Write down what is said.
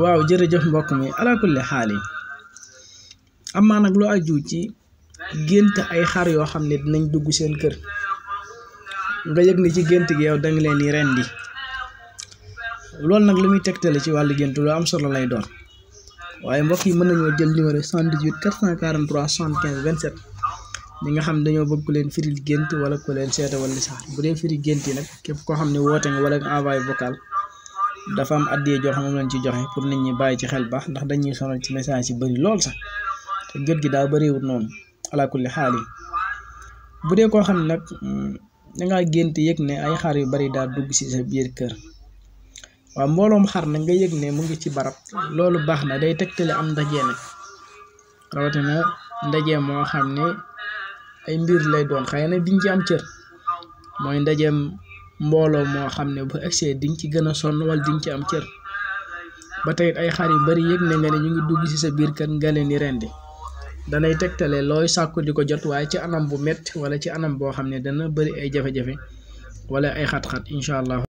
waaw jërëjëf mbokk mi alaakulli xaali amaa nag lu aju ci gént ay xar yoo xam ne dinañ dugg seen kër nga yëg ni ci gént gi yow danga leen di rendi loolu nag li muy tegtale ci wàllu gént lu am solo lay doon waaye mbokk yi mën nañoo jël numéro 78 443 75 27 ñi nga xam dañoo bëgg ku leen firil gént wala ku leen seeta wala sax bu dee firi gént yi nag képp koo xam ne woote nga wala nga envoyé vocal. dafa am addiye joo xam lañ ci joxe pour nit ñi bay ci xel baax ndax dañuy sonal ci message yi bari lool sax te jot gi bari wu non ala kulli hali bu dee ko xam nak mm, da nga gént yek ne ay xaar yu bari da dugg ci sa biir kër wa mbolom xar na nga yek ne mu ngi ci barap loolu bax na day tektale am ndaje rawati na ndaje mo xam ay mbir lay doon xayna biñ ci am cër moy ndajem mbooloo moo xam ne bu egsee di nga ci gën a sonn wala di nga ci am cër ba tey ay xar yu bari yëg ne nga ne ñu ngi dugg ci sa biir kër nga leen di rendi danay tegtale looy sàkku di ko jot waaye ci anam bu metti wala ci anam boo xam ne dana bari ay jafe-jafe wala ay xat-xat incha allah.